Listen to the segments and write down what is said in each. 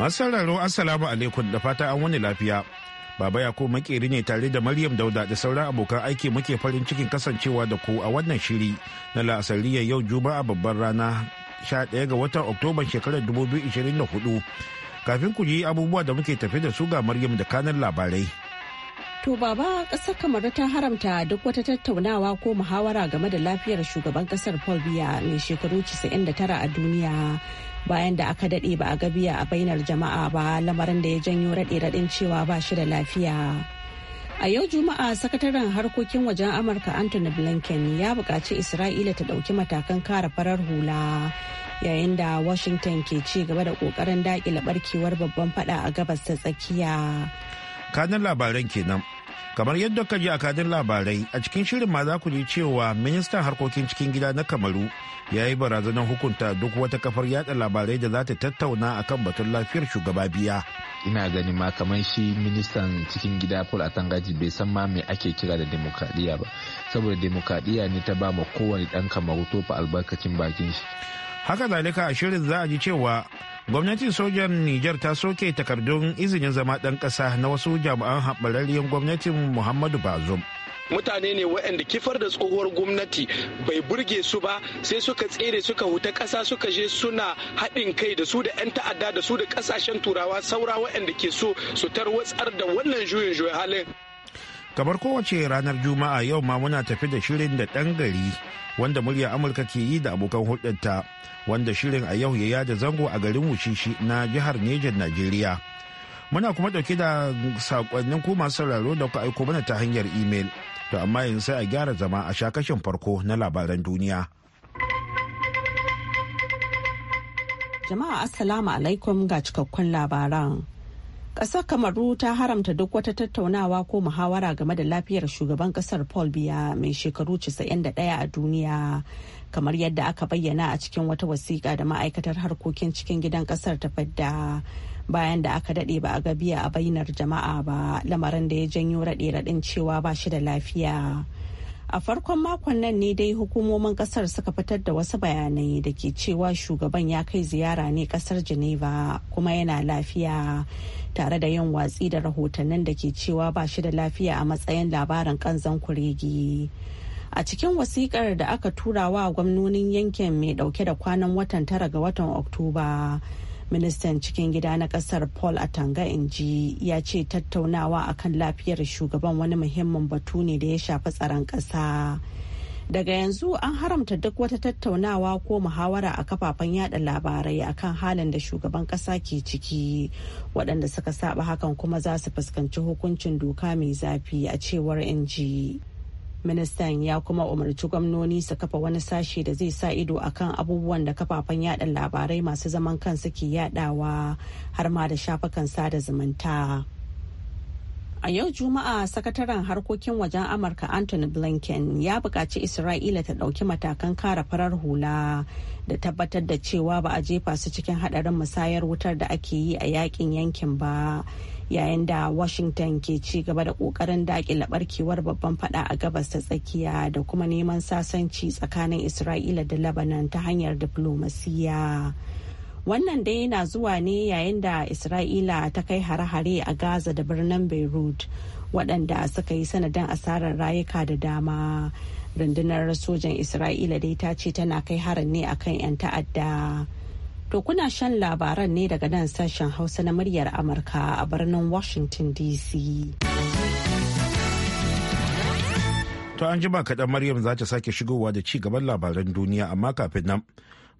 Masu sauraro Assalamu alaikum da fata an wani lafiya. Baba ya Yakub makeri ne tare da Maryam Dauda da sauran abokan aiki muke farin cikin kasancewa da ku a wannan shiri na la'asariyar yau Juma'a babbar rana 11 ga watan Oktoba shekarar 2024. Kafin ku yi abubuwa da muke tafi da su ga Maryam da kanan labarai. To baba ƙasar kamar ta haramta duk wata tattaunawa ko muhawara game da lafiyar shugaban ƙasar Paul Biya mai shekaru 99 a duniya bayan da aka daɗe ba a gabiya a bainar jama'a ba lamarin da ya janyo raɗe-raɗin cewa ba shi da lafiya. A yau Juma'a sakataren harkokin wajen Amurka Anthony Blinken ya buƙaci Isra'ila ta ɗauki matakan kare farar hula yayin da Washington ke ci gaba da ƙoƙarin daƙile ɓarkewar babban fada a gabas ta tsakiya. Kanin labaran kenan kamar yadda ka ji a kadin labarai a cikin shirin ma za ku ji cewa ministan harkokin cikin gida na kamaru ya yi barazanar hukunta duk wata kafar yada labarai da za ta tattauna a kan batun lafiyar shugaba biya ina gani ma kamar shi ministan cikin gida paul atangaji bai san ma mai ake kira da demokradiyya ba saboda demokradiyya ne ta ba ma kowane dan kamaru tofa albarkacin bakin shi haka zalika a shirin za a ji cewa gwamnatin sojan niger ta soke takardun izinin zama ɗan ƙasa na wasu jami'an haɓararriyar gwamnatin muhammadu bazum mutane ne waɗanda kifar da tsohuwar gwamnati bai burge su ba sai suka tsere suka huta ƙasa suka je suna haɗin kai da su da 'yan ta'adda da su da ƙasashen turawa saura waɗanda ke so su tarwatsar da wannan juyin juyin halin kamar kowace ranar juma'a yau ma muna tafi da shirin da ɗan gari wanda murya amurka ke yi da abokan hulɗarta wanda shirin a yau ya yada zango a garin wushishi na jihar nejan najeriya muna kuma ɗauke da sakonnin ku masu sauraro da ku aiko mana ta hanyar imel to amma yanzu sai a gyara zama a sha shakashin farko na labaran duniya jama'a assalamu alaikum ga cikakkun labaran Ƙasar Kamaru ta haramta duk wata tattaunawa ko muhawara game da lafiyar shugaban ƙasar Paul Biya mai shekaru 91 a duniya. Kamar yadda aka bayyana a cikin wata wasiƙa da ma'aikatar harkokin cikin gidan ƙasar ta fadda bayan da aka daɗe ba a ga biya a bainar jama'a ba lamarin da ya janyo raɗe-raɗin cewa ba shi da lafiya. a farkon makon nan ne dai hukumomin kasar suka fitar da wasu bayanai da ke cewa shugaban ya kai ziyara ne kasar geneva kuma yana lafiya tare da yin watsi da rahotannin da ke cewa ba shi da lafiya a matsayin labarin kanzan kuregi a cikin wasikar da aka tura wa gwamnonin yankin mai dauke da kwanan watan tara ga watan oktoba ministan cikin gida na kasar paul atanga inji ya ce tattaunawa akan lafiyar shugaban wani muhimmin batu ne da ya shafi tsaron kasa. daga yanzu an haramta duk wata tattaunawa ko muhawara a kafafen yada labarai akan halin da shugaban kasa ke ciki waɗanda suka saba hakan kuma za su fuskanci hukuncin doka mai zafi a cewar inji ministan ya kuma umarci gwamnoni su kafa wani sashe da zai sa ido a kan abubuwan da kafafen yada labarai masu zaman kansu ke yadawa har ma da shafukan sada zumunta a yau juma'a sakataren harkokin wajen amurka anthony blinken ya buƙaci isra'ila ta ɗauki matakan kara farar hula da tabbatar da cewa ba a jefa su cikin haɗarin musayar wutar da ake yi a yakin yankin ba yayin da washington ke ci gaba da kokarin dakile barkewar babban fada a gabas ta tsakiya da kuma neman sasanci tsakanin isra'ila da lebanon ta hanyar diflomasiyya wannan dai na zuwa ne yayin da isra'ila ta kai hare-hare a gaza da birnin beirut waɗanda suka yi sanadin asarar rayuka da dama rundunar sojan isra'ila dai ta ce tana kai harin ne akan 'yan ta'adda To kuna shan labaran ne daga nan sashen Hausa na muryar Amurka a birnin Washington DC. To an jima kaɗan Maryam za ta sake shigowa da ci gaban labaran duniya amma kafin nan.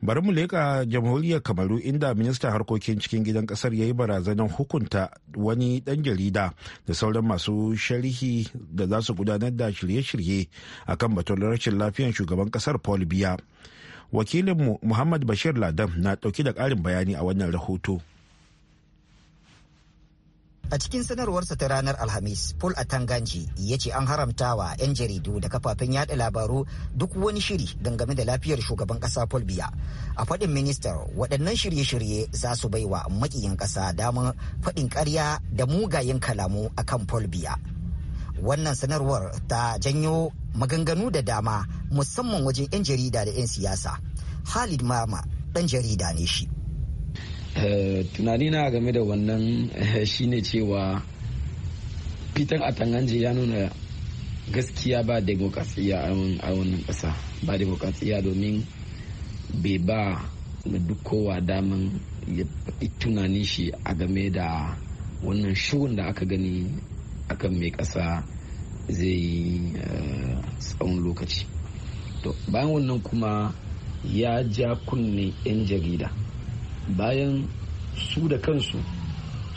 Bari mu leƙa jamhuriyar Kamaru inda ministan harkokin cikin gidan ƙasar ya yi barazanar hukunta wani ɗan jarida da sauran masu sharhi da za su gudanar da shirye-shirye akan batun rashin lafiyan shugaban ƙasar Paul Biya. wakilinmu muhammad bashir ladam na dauki da karin bayani a wannan rahoto A cikin sanarwarsa ta ranar Alhamis, Paul Atanganji ya ce an haramta wa 'yan jaridu da kafafen yada labaru duk wani shiri dangane da lafiyar shugaban kasa Paul Biya. A faɗin minista waɗannan shirye-shirye za su baiwa makiyin ƙasa damar faɗin ƙarya da mugayen kalamu akan Paul Biya. wannan sanarwar ta janyo maganganu da dama musamman wajen 'yan jarida da 'yan siyasa halid mama dan jarida ne shi eh, tunanina game da wannan eh, shine cewa fitan a ya nuna gaskiya ba demokrasiya a wannan ƙasa ba demokrasiya domin bai ba duk kowa daman ya faɗi tunanin shi a game da wannan shugun da aka gani akan mai kasa zai yi eh, tsawon lokaci to bayan wannan kuma ya ja kunne 'yan jarida bayan su da kansu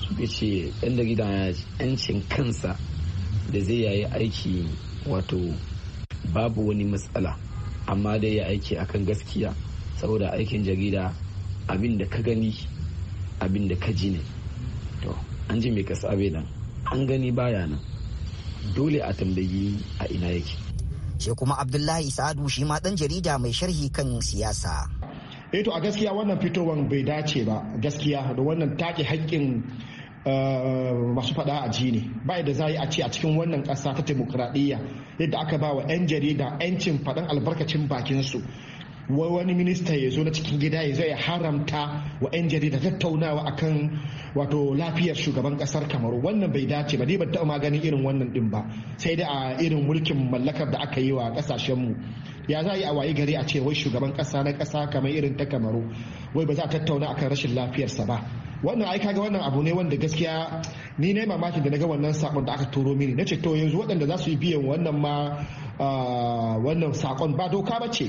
suka ce 'yan jarida na yancin kansa da zai yayi aiki wato babu wani matsala amma dai ya aiki akan gaskiya saboda aikin jarida abin ka gani abinda da ka ji ne to an ji mai kasa nan an gani baya nan dole a tambayi a ina yake shi kuma abdullahi sa'adu shi ma dan jarida mai sharhi kan siyasa eto eh a gaskiya wannan fitowan bai dace ba gaskiya da wannan take haƙƙin eh, masu faɗa a ji ne ba da za a ce a cikin wannan ƙasa ta demokuraɗiyya yadda aka ba wa 'yan jarida 'yancin faɗan albarkacin bakinsu wani minista ya zo na cikin gida ya zai haramta wa 'yan jarida tattaunawa akan wato lafiyar shugaban kasar kamaru wannan bai dace ba ni ban taɓa maganin irin wannan din ba sai da a irin mulkin mallakar da aka yi wa kasashenmu ya za yi a wayi gari a ce wai shugaban kasa na kasa kamar irin ta kamaru wai ba za a tattauna akan rashin lafiyarsa ba wannan ai kaga wannan abu ne wanda gaskiya ni ne mamaki da na wannan sakon da aka turo mini na ce to yanzu waɗanda za su yi biyan wannan ma ah, wannan sakon ba doka ba ce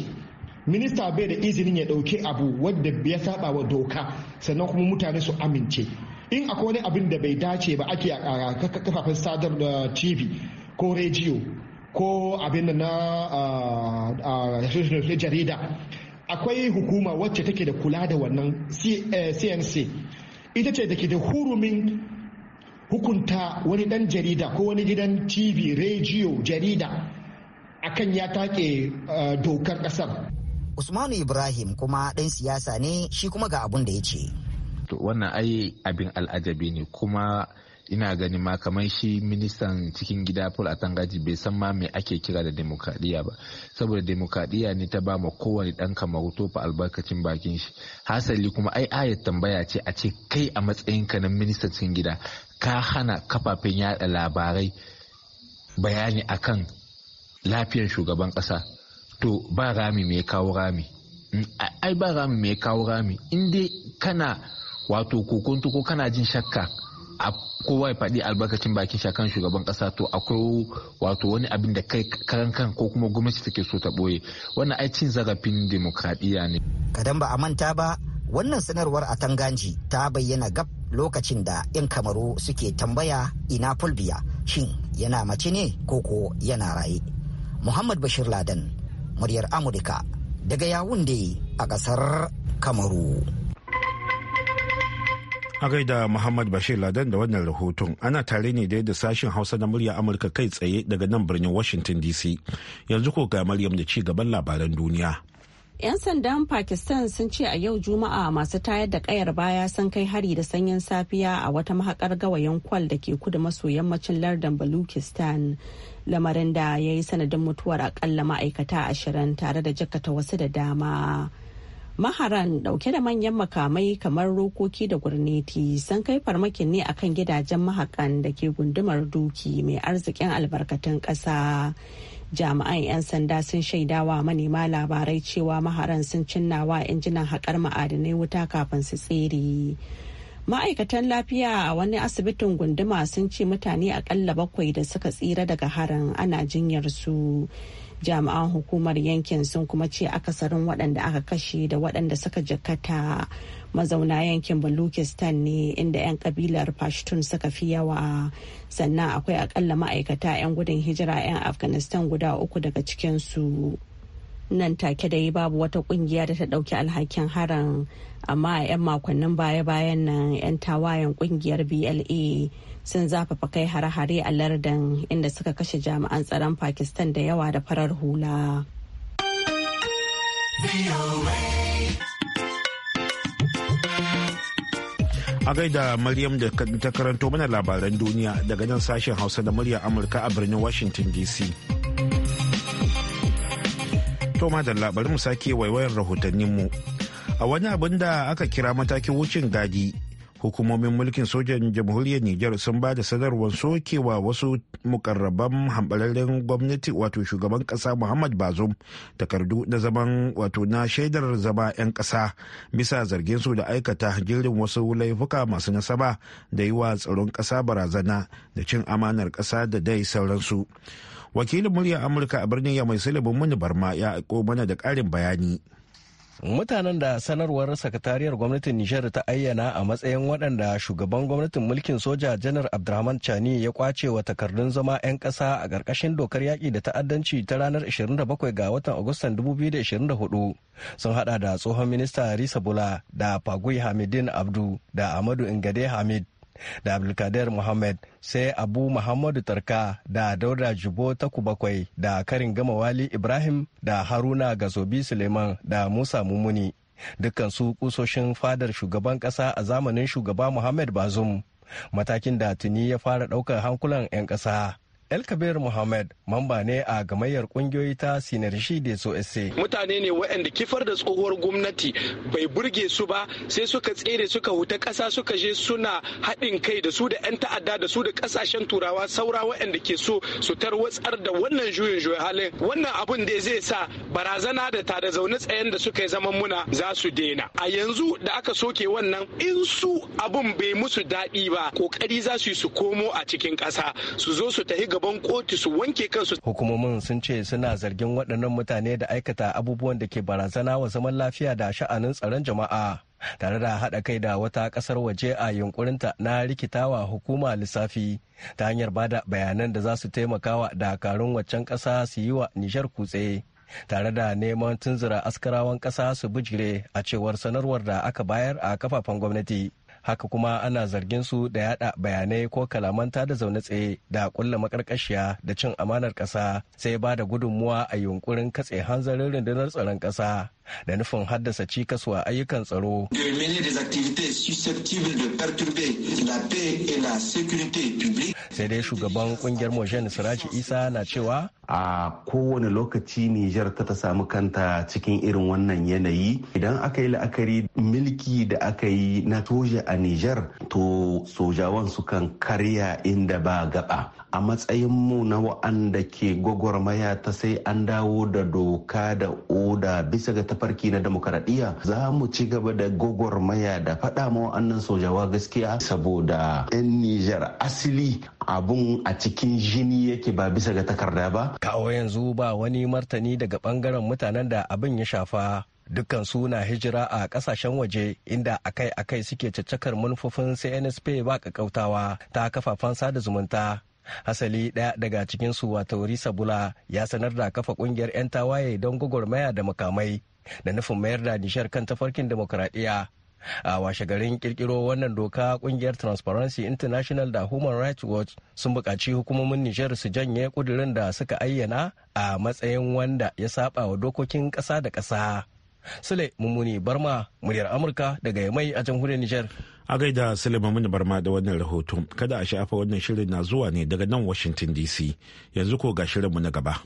minista bai da izinin ya dauke abu wadda ya saba wa doka sannan kuma mutane su amince in akwai wani abin da bai dace ba ake a kafafen sadar da tv ko rediyo ko abin da na jarida akwai hukuma wacce take da kula da wannan cnc eh, ita ce da ke da hurumin hukunta wani dan jarida ko wani gidan tv rediyo jarida akan ya take eh, dokar kasar usmanu ibrahim kuma ɗan siyasa ne shi kuma ga abun da ya ce wannan ai abin al'ajabi ne kuma ina gani ma kamar shi ministan cikin gida paul atangaji bai san ma me ake kira da demokradiyya ba saboda demokradiyya ne ta bama kowane dan kamar tofa albarkacin bakin shi hasali kuma ai ayat tambaya ce a ce kai a matsayin na ministan cikin gida ka hana kafafen yada labarai bayani akan lafiyar shugaban kasa to ba rami mai kawo rami mm, ai ba rami mai kawo rami in dai kana wato kokonto ko kana jin shakka a kowa ya faɗi albarkacin bakin shakan shugaban ƙasa to akwai wato wani abin da kai karan ko kuma gwamnati take so ta ɓoye wannan ai cin zarafin demokradiyya ne. kadan ba a manta ba wannan sanarwar a tanganji ta bayyana gab lokacin da 'yan kamaru suke tambaya ina fulbiya shin yana mace ne ko ko yana raye muhammad bashir ladan muryar Amurka daga yawun Yawunde a ƙasar Kamaru. A gaida Muhammad Bashir Ladan da wannan rahoton ana tare ne da yadda sashen Hausa na murya Amurka kai tsaye daga nan birnin Washington DC. Yanzu ko ga Maryam da ci gaban labaran duniya. 'Yan sandan Pakistan sun ce a yau Juma'a masu tayar da kayar baya sun kai hari da sanyin safiya a wata mahakar gawayen kwal da ke kudu maso yammacin lardin Baluchistan. Lamarin da ya yi sanadin mutuwar akalla ma'aikata ashirin tare da jakata wasu da dama. Maharan dauke da manyan makamai kamar rokoki da gurneti sun kai farmakin ne akan gidajen mahakan da ke gundumar duki mai arzikin albarkatun ƙasa. jami'an 'yan sanda sun shaidawa manema labarai cewa maharan sun cinnawa injinan haƙar ma'adinai wuta kafin su tsere ma'aikatan lafiya a wani asibitin gunduma sun ce mutane akalla bakwai da suka tsira daga harin ana jinyar su jami'an hukumar yankin sun kuma ce akasarin waɗanda aka kashe da waɗanda suka jikata mazauna yankin balukistan ne inda 'yan kabilar pashtun suka fi yawa sannan akwai akalla ma'aikata 'yan gudun hijira 'yan afghanistan guda uku daga cikinsu nan take da yi babu wata kungiya da ta dauki alhakin harin amma a 'yan makonnin baya-bayan nan 'yan tawayen kungiyar bla sun zafafa kai hare-hare a lardin inda suka kashe jami'an tsaron pakistan da yawa da farar hula. A gaida Maryam da ta karanto mana labaran duniya daga nan sashen Hausa da murya Amurka a birnin Washington DC. To madalla bari mu sake waiwayar rahotanninmu. A wani abin da aka kira matakin wucin gadi hukumomin mulkin sojan jamhuriyar niger sun ba da sadarwar sokewa wasu mukarraban hambararren gwamnati wato shugaban kasa muhammad bazum takardu na zaman wato na shaidar zama 'yan kasa bisa zargin su da aikata jirin wasu laifuka masu nasaba da yi wa tsaron kasa barazana da cin amanar kasa da dai sauransu wakilin muryar amurka a birnin ya mai silibin muni barma ya aiko mana da ƙarin bayani mutanen da sanarwar sakatariyar gwamnatin nijar ta ayyana a matsayin waɗanda shugaban gwamnatin mulkin soja janar abdulrahman chani ya kwace wa takardun zama 'yan ƙasa a ƙarƙashin dokar yaƙi da ta'addanci ta ranar 27 ga watan agustan 2024 sun hada da tsohon minista risa bula da fagui hamidin abdu da amadu ingade hamid da abdulkadir muhammad sai abu muhammadu tarka da dauda jubo taku bakwai da karin gama wali ibrahim da haruna gazobi suleiman da musa mumuni dukkansu kusoshin fadar shugaban kasa a zamanin shugaba muhammad bazum matakin da tuni ya fara daukar hankulan 'yan kasa Elkabir Muhammad mamba ne a gamayyar kungiyoyi ta Sinarshi da SOSA. Mutane ne waɗanda kifar da tsohuwar gwamnati bai burge su ba sai suka tsere suka huta ƙasa suka je suna haɗin kai da su da 'yan ta'adda da su da ƙasashen turawa saura waɗanda ke so su tarwatsar da wannan juyin juyin halin. Wannan abun da zai sa barazana da tada zaune tsayen da suka yi zaman muna za su daina. A yanzu da aka soke wannan in su abun bai musu daɗi ba kokari za su yi su komo a cikin ƙasa su zo su tafi gaban kotu su wanke kansu. Hukumomin sun ce suna zargin waɗannan mutane da aikata abubuwan da ke barazana wa zaman lafiya da sha'anin tsaron jama'a. tare da haɗa kai da wata ƙasar waje a yunkurinta na rikitawa hukuma lissafi ta hanyar bada bayanan da za su taimakawa dakarun waccan ƙasa su yi wa nishar kutse tare da neman tunzura askarawan ƙasa su bijire a cewar sanarwar da aka bayar a kafafen gwamnati. haka kuma ana zargin su da yada bayanai ko kalamanta da zaune tsaye da kulla makarkashiya da cin amanar ƙasa sai ba da gudunmuwa a yunkurin katse hanzarin rundunar tsaron ƙasa da nufin haddasa cikas wa ayyukan tsaro. Sai dai shugaban kungiyar Mojen Siraji Isa na cewa a kowane lokaci Nijar ta ta samu kanta cikin irin wannan yanayi idan aka yi la'akari milki da aka yi na soja a Nijar to sojawan sukan karya inda ba gaba a matsayin mu na wa'anda ke gwagwarmaya ta sai an dawo da doka da oda bisa ga tafarki na demokaradiyya za mu ci gaba da gwagwarmaya da faɗa ma wa'annan sojawa gaskiya saboda 'yan Nijar asili abun a cikin jini yake ba bisa ga takarda ba. Kawo yanzu ba wani martani daga bangaren mutanen da abin ya shafa dukkan su na hijira a kasashen waje inda akai-akai suke caccakar manufofin CNSP ba kakautawa ta kafafen sada zumunta hasali ɗaya daga cikinsu wato risa bula ya sanar da kafa ƙungiyar 'yan tawaye don gwagwarmaya da makamai da nufin mayar da nishar kan tafarkin demokuraɗiyya a washe garin kirkiro wannan doka kungiyar transparency international da human rights watch sun bukaci hukumomin nijar su janye ƙudurin da suka ayyana a matsayin wanda ya saba wa dokokin ƙasa da ƙasa Sule Mummuni Barma muryar Amurka daga Yamai a jamhuriyar Nijar. A gaida Sule Mummuni Barma da wannan rahoton kada a shafa wannan shirin na zuwa ne daga nan Washington DC yanzu ko ga shirinmu na gaba.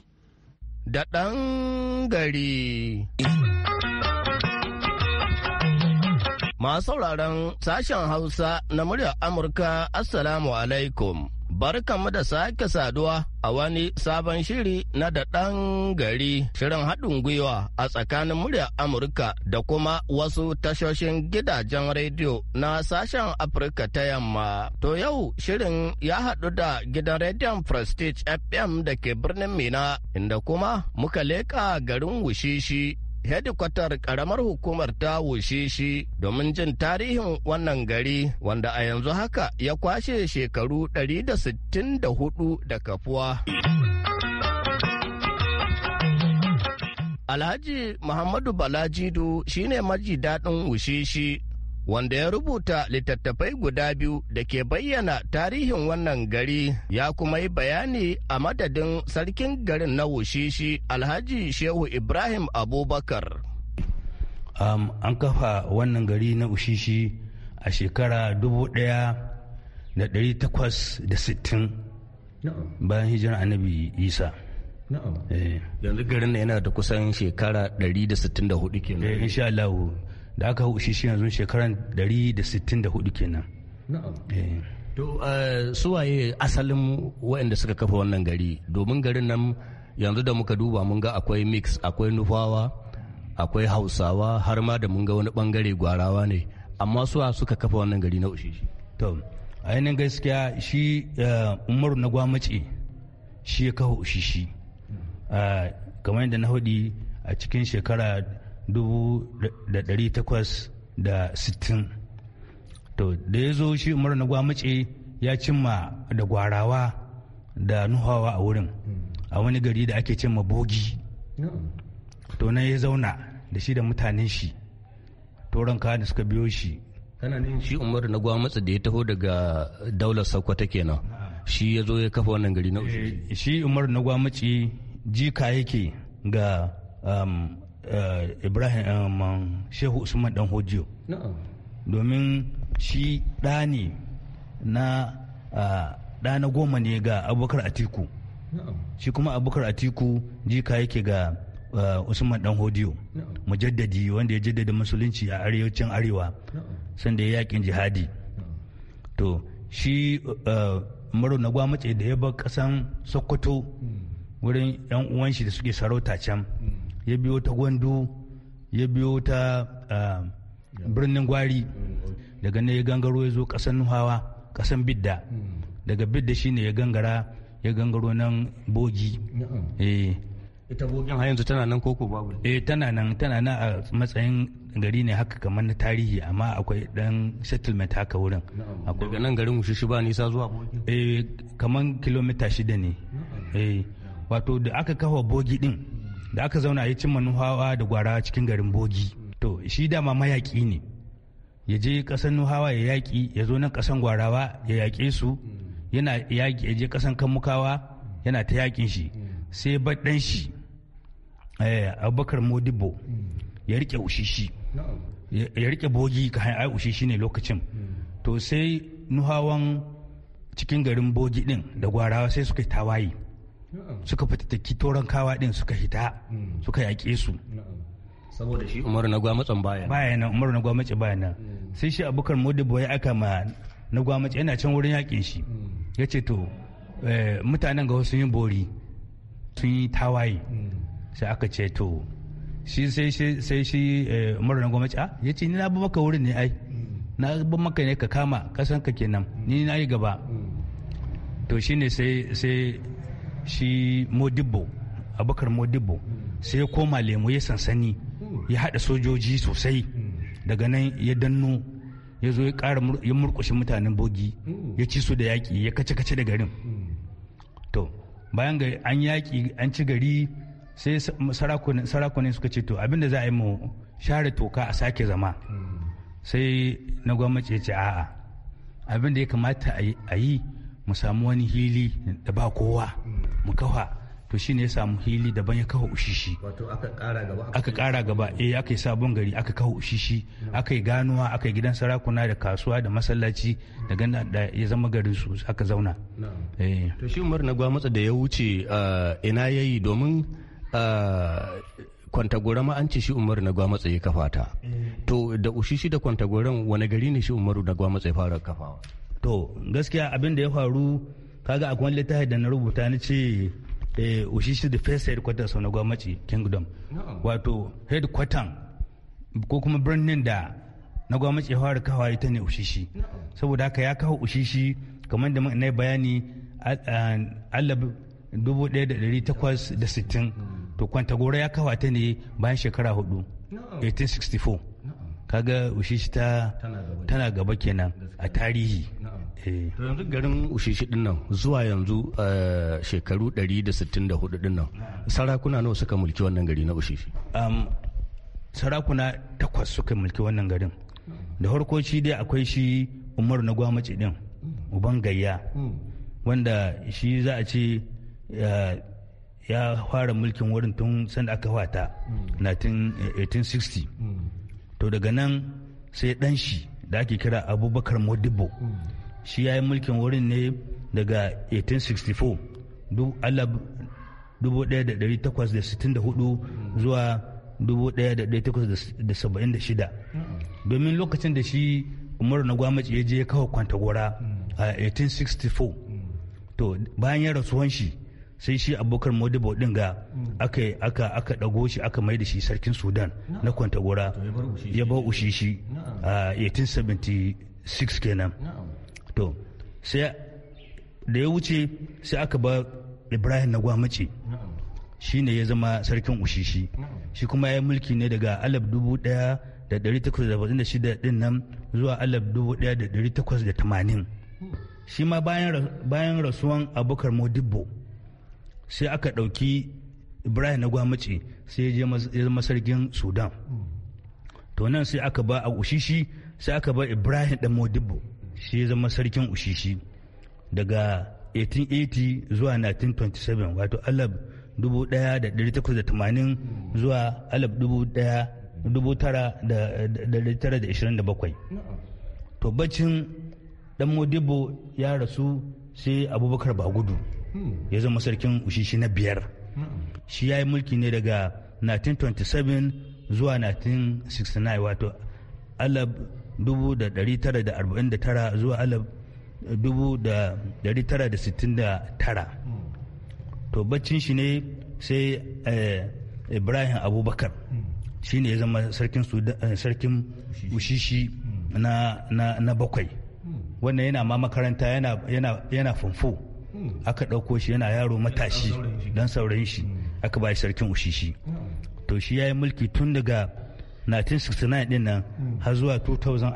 Da ɗan gari. Masu sauraron sashen Hausa na muryar Amurka Assalamu alaikum. barkanmu da sake saduwa a wani sabon shiri na da ɗan gari shirin haɗin gwiwa a tsakanin murya Amurka da kuma wasu tashoshin gidajen rediyo na sashen Afirka ta yamma. To yau shirin ya haɗu da gidan rediyon Prestige FM da ke birnin Mina inda kuma muka leƙa garin Wushishi hedikwatar karamar hukumar ta wushe shi domin jin tarihin wannan gari wanda a yanzu haka ya kwashe shekaru 164 da kafuwa. Alhaji Muhammadu Balajidu shine maji daɗin shi. wanda ya rubuta littattafai guda biyu da ke bayyana tarihin wannan gari ya kuma yi bayani a madadin sarkin garin na wushishi alhaji shehu ibrahim abubakar um, an kafa wannan gari na ushishi a shekara 1860 bayan hijira annabi isa eh. yanzu garin na yana da kusan shekara 164 kenan eh, insha Allah da aka hau shi yanzu shekaran 164 kenan eh. to eh, suwaye asalin waɗanda suka kafa wannan gari domin garin nan yanzu da muka duba mun ga akwai mix akwai nufawa akwai hausawa har ma da mun ga wani bangare gwarawa ne amma suwa suka kafa wannan gari na ushishi to ainihin gaskiya shi eh, umaru na gwamnati shi ya kafa ushishi kamar yadda na hudi a cikin shekara 1860 to da ya zo shi umar na gwamace ya cimma da gwarawa da nuhawa a wurin a wani gari da ake cimma bogi to na ya zauna da shi da mutanen shi toron da suka biyo shi kana ne shi umar na gwamnati da ya taho daga daular sakwata kenan shi ya zo ya kafa wannan gari na eh, shi umar na gwamnati jika yake ga um, Eh, ibrahim eh, um, shehu usman dan hojiyo domin shi ɗa na eh, ɗa goma ne ga abubakar atiku shi kuma abubakar atiku jika yake ga usman dan hodiyo mujaddadi wanda ya jaddada musulunci a arewacin arewa sanda ya yakin jihadi to shi maro na gwamnati da ya bar kasan sokoto hmm. wurin yan uwan shi da suke sarauta can hmm. ya biyo ta gwandu ya biyo ta ah, birnin gwari daga ne ya gangaro ya zo kasan nuhawa kasan bidda daga bidda shine ya gangara ya gangaro nan bogi eh. ita bogin har yanzu tana nan koko babu eh tana nan tana nan a matsayin gari ne haka kamar na tarihi amma akwai dan settlement haka wurin daga nan garin mushishi ba nisa zuwa bogi eh kamar kilomita shida ne eh wato da aka kawo bogi din da aka zauna ya cin nuhawa da gwara cikin garin bogi to shi dama mayaƙi ne ya je ƙasan nuhawa ya yaƙi ya zo nan ƙasan gwarawa ya yaƙe su yana yaƙi ya je ƙasan kamukawa yana ta yaƙin shi sai baɗan shi eh, abubakar modibo ya riƙe ushishi ya rike bogi ka ai ushishi ne lokacin to sai nuhawan cikin garin bogi ɗin da gwarawa sai suka tawaye suka kitoran kawa din suka hita mm. suka yaƙe su saboda shi umaru na gwamatsan baya baya nan umaru na gwamace baya nan mm. sai shi abubakar modibo ya aka ma na gwamace yana can wurin yaƙin shi mm. ya ce to eh, mutanen ga sun yi bori sun yi tawaye sai aka ce to shi sai shi sai shi eh, umaru na gwamace ah, ya ce ni na bi maka wurin ne ai na bi maka ne ka kama kasan ka kenan ni na yi gaba to shine sai sai shi modibo abokar modibo sai ya koma lemo ya sansani ya haɗa sojoji sosai daga nan ya danno ya zo ya murkushin mutanen bogi ya ci su da yaƙi ya kace-kace da garin to bayan ga an yaƙi an ci gari sai sarakunan suka ce to abinda za a yi mu share toka a sake zama sai na gwamnati ya ce a'a abinda ya kamata a yi mu samu wani hili da ba kowa mu kafa to ne ya samu hili daban ya kawo ushishi aka kara gaba eh aka yi sabon gari aka kawo ushishi aka yi ganuwa aka yi gidan sarakuna da kasuwa da masallaci da ganda da ya zama garin su aka zauna eh. to shi umar na gwamnati da ya wuce eh, ina yayi domin eh, kwantagora ma an ce shi umaru na gwamnati ya kafa ta to da ushishi da kwantagoran wani gari ne shi umaru na gwamnati ya fara kafawa to gaskiya abin da ya faru kaga akwai wani littafi da na rubuta ni ce ushishi eh, the first headquarters na gwamnati kingdom wato headquarter ko kuma birnin da na gwamnati ya fara kawo ita ne ushishi saboda haka ya kawo ushishi kamar da na bayani alab 1860 to kwantagora ya kawo ta ne bayan shekara hudu 1864 kaga ushishi ta tana gaba kenan a tarihi Eh. To yanzu garin Ushishi din nan zuwa yanzu eh, shekaru 164 din nan sarakuna nawa suka mulki wannan gari na Ushishi? Sarakuna takwas suka mulki wannan garin. Da harko shi dai akwai shi Umaru na gwamnati din uban gayya wanda shi za a ce eh, ya fara mulkin wurin tun sanda aka wata 1860 to daga nan sai dan shi da ake kira abubakar modibo shi ya yi mulkin wurin ne daga 1864 zuwa 1876 domin lokacin da shi umaru na gwamnati ya je kawo gora a 1864 to bayan ya rasuwan shi sai shi abokan modibo din ga aka aka aka dago shi aka mai da shi sarkin sudan na gora ya bar ushishi a 1876 kenan to sai da ya wuce sai aka ba ibrahim na gwamace shi ne ya zama sarkin ushishi shi kuma ya yi mulki ne daga alab dubu daya da dari takwas da da shida din nan zuwa alab dubu daya da dari takwas da tamanin shi ma bayan rasuwan abokar modibbo sai aka ɗauki ibrahim na gwamace sai ya zama sarkin sudan hmm. to nan sai aka ba a ushishi sai aka ba ibrahim da modibbo shi ya zama sarkin ushishi daga 1880 zuwa 1927 wato alab 1880 zuwa alab 1927 to bacin dan modibo ya rasu sai abubakar ba gudu ya zama sarkin ushishi na biyar shi ya yi mulki ne daga 1927 zuwa 1969 wato alab 1949 zuwa 1969 to baccin shi ne sai eh, ibrahim abubakar shi ne ya zama sarkin eh, ushishi na bakwai wannan yana ma makaranta yana famfo aka ɗauko shi yana yaro matashi don saurayin shi aka ba sarkin ushishi to shi ya yi mulki tun daga 1969 din nan hmm. har zuwa 2009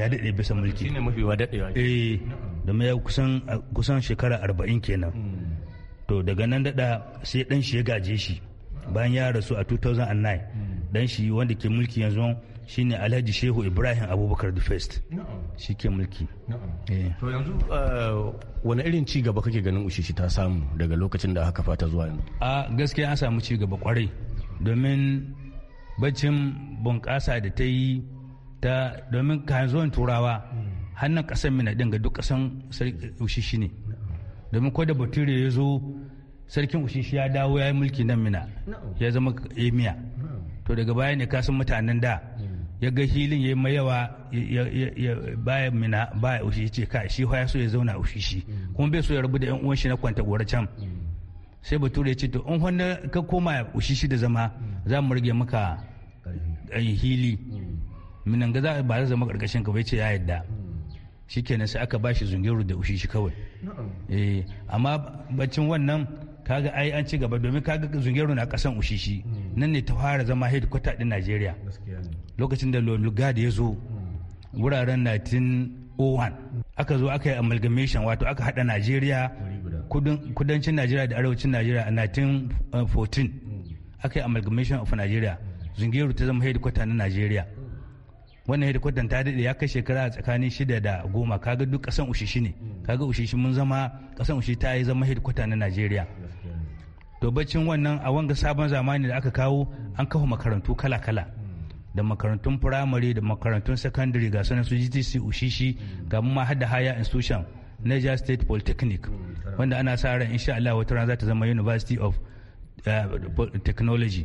ya daɗe bisa mulki shine mafi wa daɗewa eh da ya kusan kusan shekara 40 kenan hmm. to daga nan daɗa sai dan shi ya gaje shi bayan ya rasu a 2009 dan hmm. shi wanda ke mulki yanzu shine Alhaji Shehu Ibrahim Abubakar the First shi ke mulki eh. to yanzu uh, wani irin ci gaba kake ganin ushishi ta samu daga lokacin da aka fata zuwa yanzu a gaskiya an samu ci gaba kwarai domin Baccin bunƙasa da ta yi ta domin kayan zuwan turawa hannun ƙasar mina ɗin ga duk ƙasan ushishi ne domin ko da bature ya zo sarkin ushishi ya dawo ya yi mulki nan mina ya zama emiya to daga baya ne kasan mutanen da ya ga hilin ya mai yawa baya mina baya ushishi ce ka shi ya so ya zauna ushishi kuma bai so ya rabu da yan uwan shi na kwanta gora can sai bature ya ce to in wanda ka koma ushishi da zama za mu rage maka eh, hili minan hmm. ga za zama karkashin ka bai ce ya yadda hmm. kenan sai aka bashi zungiru da ushi shi kawai eh, amma bacin wannan kaga ai an ci gaba domin kaga zungiru na kasan ushishi hmm. nan ne ta fara zama headquarter din Najeriya lokacin da Loluga da ya zo wuraren 1901 aka zo aka yi amalgamation wato aka hada Najeriya kudancin Najeriya da arewacin Najeriya a 1914 aka yi amalgamation of nigeria zungeru ta zama hedikwata na nigeria wannan hedikwatan ta dade ya kai shekara tsakanin shida da goma kaga duk ƙasan ushishi ne kaga ushishi mun zama ƙasan ushishi ta yi zama hedikwata na nigeria to bacin wannan a wanga sabon zamani da aka kawo an kafa makarantu kala-kala da makarantun firamare da makarantun sakandare ga sanar su gtc ushishi ga ma hada haya institution niger state polytechnic wanda ana sa ran insha Allah wata ran za ta zama university of Uh, technology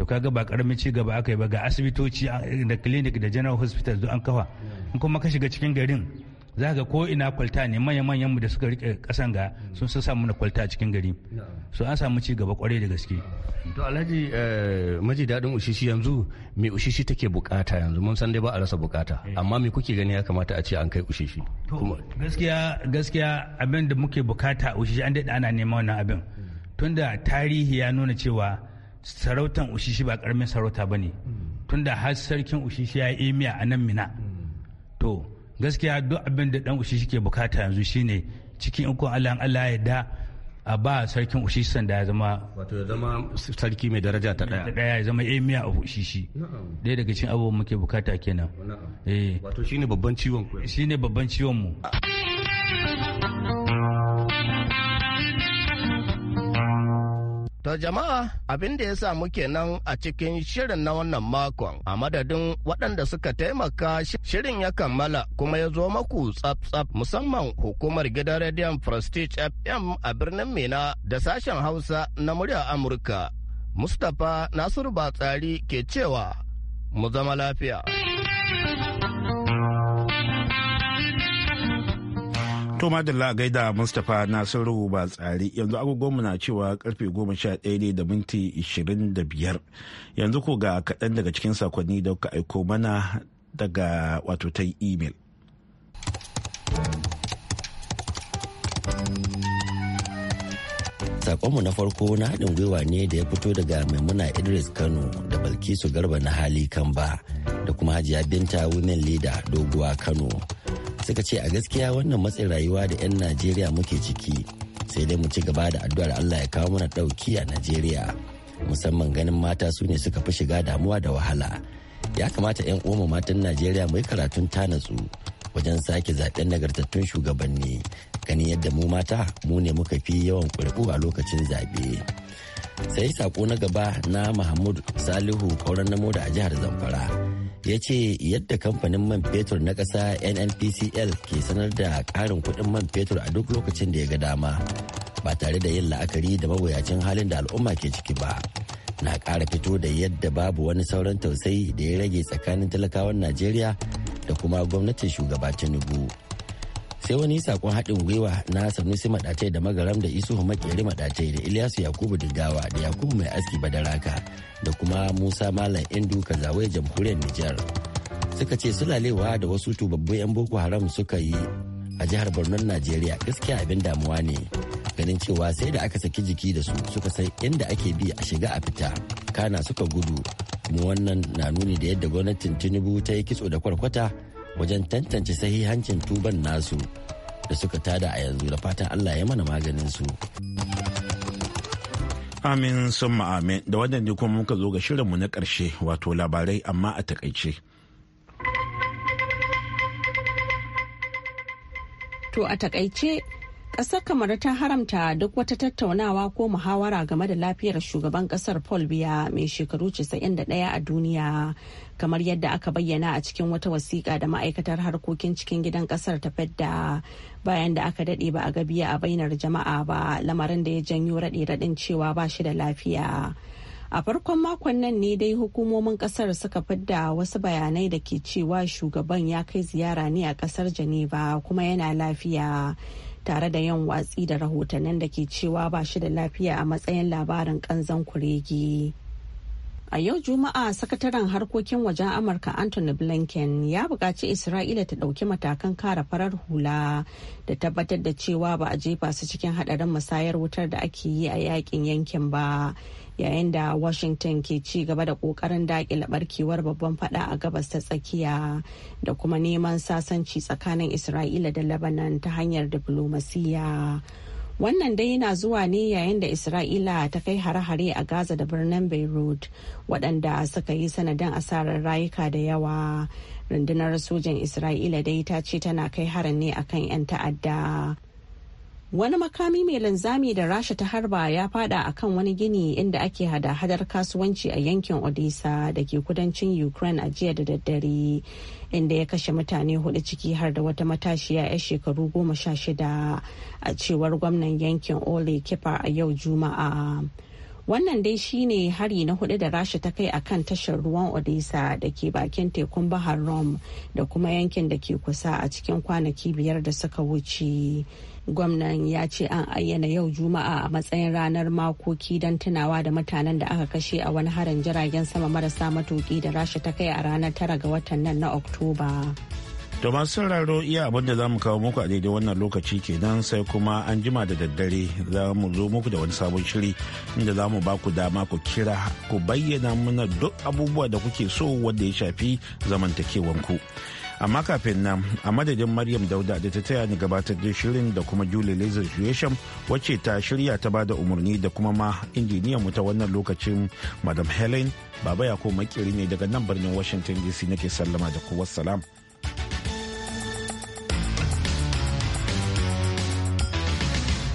to kaga ba karamin ci gaba aka yi ba ga asibitoci uh, da clinic da general hospital duk an kafa in kuma ka shiga cikin garin za ga ko ina kwalta ne manya-manyan mu da suka rike kasan ga sun sa mu na kwalta a cikin gari so an samu ci gaba kwarai da gaske to alhaji eh, maji dadin ushishi yanzu me ushishi take bukata yanzu mun san dai ba a rasa bukata eh. amma me kuke gani ya kamata a ce an kai ushishi gaskiya gaskiya abin da muke bukata ushishi an daɗa ana neman wannan abin tunda tarihi ya nuna cewa sarautan ushishi ba karamin sarauta ba ne tunda har sarkin ushishi ya yi imiya a nan mina to gaskiya duk abin da dan ushishi ke bukata yanzu shine cikin ikon allah allah ya da a ba sarkin ushishi sanda ya zama wato ya zama sarki mai daraja ta daya daya ya zama imiya a ushishi daya daga cikin abubuwan muke bukata kenan eh. wato shine babban ciwon ku shine babban ciwon mu To jama'a abin da ya samu kenan a cikin shirin na wannan makon a madadin waɗanda suka taimaka shirin ya kammala kuma ya zo maku tsaf-tsaf musamman hukumar gidan rediyon Prestige FM a birnin Mina da sashen Hausa na murya Amurka. Mustapha Nasiru Batsari ke cewa mu zama lafiya. To madalla gaida Mustapha Nasiru ba tsari yanzu agogonmu na cewa karfe 11 ne da minti da biyar yanzu ko ga kaɗan daga cikin sakonni da kuka aiko mana daga wato ta email. Sakonmu na farko na haɗin gwiwa ne da ya fito daga Maimuna Idris Kano da Balkisu Garba na hali Kamba da kuma Hajiya Binta Women Leader Doguwa Kano. Suka ce a gaskiya wannan matsin rayuwa da 'yan Najeriya muke ciki sai dai mu ci gaba da addu'ar Allah ya kawo mana ɗauki a Najeriya. Musamman ganin mata su ne suka fi shiga damuwa da wahala. Ya kamata 'yan uwa matan Najeriya mu yi karatun tanatsu. natsu. wajen sake zaben nagartattun shugabanni ganin yadda mu mata mu ne muka fi yawan ƙuri'u a lokacin zaɓe. sai sako na gaba na mahmud salihu kauran namo da a jihar zamfara ya ce yadda kamfanin man fetur na ƙasa nnpcl ke sanar da ƙarin kuɗin man fetur a duk lokacin da ya ga dama ba tare da yin la'akari da mawuyacin halin da al'umma ke ciki ba na ƙara fito da yadda babu wani sauran tausayi da ya rage tsakanin talakawan najeriya da kuma gwamnatin shugaba tinubu sai wani sakon haɗin gwiwa na sanusi madatai da magaram da isuhu makeri madatai da ilyasu yakubu digawa da yakubu mai aski badaraka da kuma musa malam indu kazawai jamhuriyar nijar suka ce sulalewa da wasu tubabbun 'yan boko haram suka yi a jihar borno najeriya gaskiya abin damuwa ne ganin cewa sai da aka saki jiki da su suka san inda ake bi a shiga a fita kana suka gudu kuma wannan na nuni da yadda gwamnatin tinubu ta yi kitso da kwarkwata wajen tantance sahihancin tuban nasu da suka tada a yanzu da fatan allah ya mana maganin su amin sun amin da wannan ne kuma muka zo ga shirinmu na karshe? wato labarai amma a takaice to a takaice Ƙasar kamar ta haramta duk wata tattaunawa ko muhawara game da lafiyar shugaban ƙasar Paul Biya mai shekaru 91 a duniya kamar yadda aka bayyana a cikin wata wasiƙa da ma'aikatar harkokin cikin gidan ƙasar ta fadda bayan da aka daɗe ba a ga biya a bainar jama'a ba lamarin da ya janyo raɗe-raɗin cewa ba shi da lafiya. a farkon makon nan ne dai hukumomin kasar suka fidda wasu bayanai da ke cewa shugaban ya kai ziyara ne a kasar geneva kuma yana lafiya tare da yin watsi da rahotannin da ke cewa ba shi da lafiya a matsayin labarin kanzan kurege. A yau Juma'a sakataren harkokin wajen Amurka Anthony Blinken ya buƙaci Isra'ila ta ɗauki matakan kara farar hula da tabbatar da cewa ba a jefa su cikin haɗarin musayar wutar da ake yi a yakin yankin ba. Yayin da Washington ke ci gaba da ƙoƙarin daƙile barkewar babban fada a gabas ta tsakiya da kuma neman sasanci tsakanin Isra'ila da Lebanon ta hanyar diflomasiyya. Wannan dai yana zuwa ne yayin da Isra'ila ta kai hare-hare a Gaza da birnin Beirut waɗanda suka yi sanadin asarar rayuka da yawa. Rundunar sojan Isra'ila dai ta ce tana kai harin ne akan 'yan ta'adda. wani makami mai linzami da rasha ta harba ya fada a kan wani gini inda ake hada-hadar kasuwanci a yankin odisa da ke kudancin ukraine a jiya da daddare inda ya kashe mutane hudu ciki har da wata matashiya 'yar shekaru goma sha shida a cewar gwamnan yankin ole kifa a yau juma'a Wannan dai shine hari na hudu da Rasha ta kai akan tashar ruwan Odessa da ke bakin tekun Bahar Rom da kuma yankin da ke kusa a cikin kwanaki biyar da suka wuce. Gwamnan ya ce an ayyana yau Juma'a a matsayin ranar makoki don tunawa da mutanen da aka kashe a wani harin jiragen sama marasa matuki da Rasha ta kai a ranar tara ga watan nan na Oktoba. To masu sauraro iya abin da za mu kawo muku a daidai wannan lokaci kenan sai kuma an jima da daddare za mu zo muku da wani sabon shiri inda za mu baku dama ku kira ku bayyana mana duk abubuwa da kuke so wanda ya shafi zamantakewanku. Amma kafin nan a madadin Maryam Dauda da ta taya ni gabatar da shirin da kuma Julie Lazar Shuyesham wacce ta shirya ta bada umarni da kuma ma injiniyan mu ta wannan lokacin Madam Helen Baba Yakubu Makiri ne daga nan birnin Washington DC nake sallama da kuwa salam.